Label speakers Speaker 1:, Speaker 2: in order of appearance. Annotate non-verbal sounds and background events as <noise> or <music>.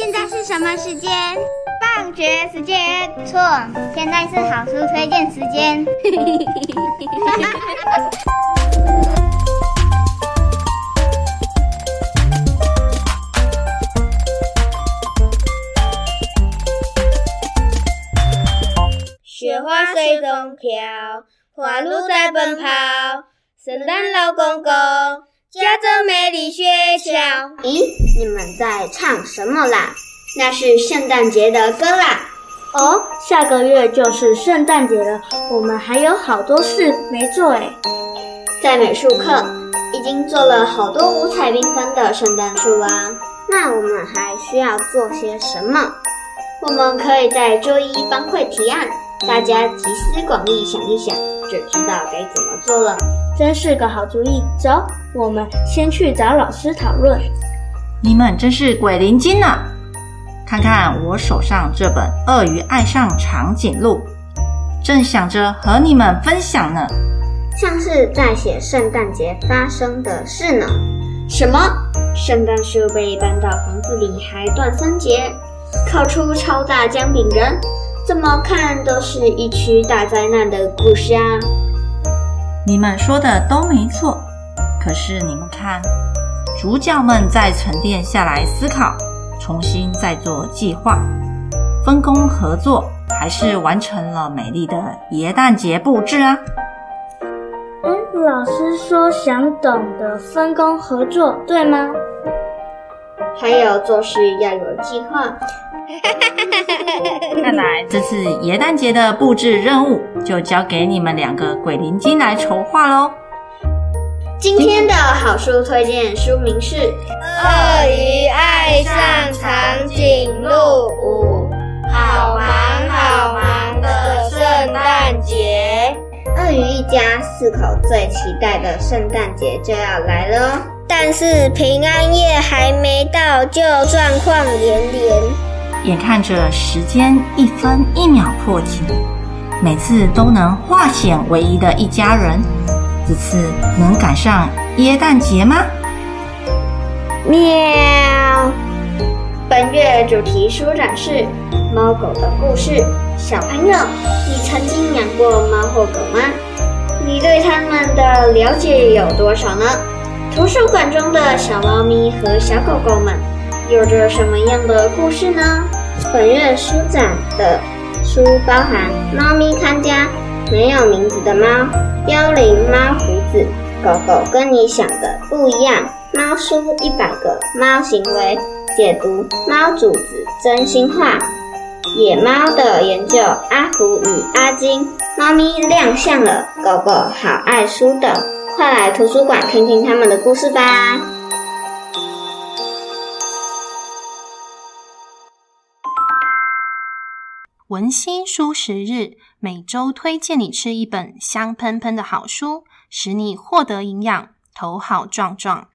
Speaker 1: 現在是什麼時間？放學時間。錯，現在是好書推薦時間。 <laughs> 雪花隨風飄，花鹿在奔跑，聖誕老公公。加州美麗學校。咦、嗯，你們在唱什麼啦？那是聖誕節的歌啦。哦，下個月就是聖誕節了，我們還有好多事沒做哎、欸。在美術課已經做了好多五彩繽紛的聖誕樹啦。那我們還需要做些什麼？我們可以在周一,一班會提案，大家集思廣益想一想，就知道該怎麼做了。真是個好主意，走。我們先去找老師討論。
Speaker 2: 你們真是鬼靈精呢、啊！看看我手上這本《鱷魚愛上長頸鹿》，正想着和你們分享呢。
Speaker 1: 像是在寫聖誕節發生的事呢。什麼？聖誕樹被搬到房子裡還斷三截，烤出超大薑餅人，怎麼看都是一齣大災難的故事啊！
Speaker 2: 你們說的都沒錯。可是你們看，主角們再沉澱下來思考，重新再做計劃，分工合作，還是完成了美麗的聖誕節布置啊！
Speaker 1: 哎，老師說想懂得分工合作，對嗎？還有做事要有計劃。看來
Speaker 2: 這次聖誕節的布置任務就交給你們兩個鬼靈精來籌劃嘍。
Speaker 1: 今天的好書推薦書名是《鱷魚愛上長頸鹿五》，好忙好忙的聖誕節。鱷魚一家四口最期待的聖誕節就要來囉。但是平安夜還沒到，就狀況
Speaker 2: 連連。眼看着時間一分一秒過去，每次都能化險為夷的一家人，此次能趕上耶誕節嗎？喵！本月主題書展是貓狗的故
Speaker 1: 事。小朋友，你曾經養過貓或狗嗎？你對它們的了解有多少呢？圖書館中的小貓咪和小狗狗們有着什麼樣的故事呢？本月書展的書包含《貓咪看家》。沒有名字的貓，幽靈貓鬍子，狗狗跟你想的不一樣。貓叔一百個貓行為解讀，貓主子真心話，野貓的研究，阿福與阿金，貓咪亮相了，狗狗好愛書的，快來圖書館聽聽他們的故事吧。
Speaker 2: 文欣書食日，每週推薦你吃一本香噴噴的好書，使你獲得營養，頭好壯壯。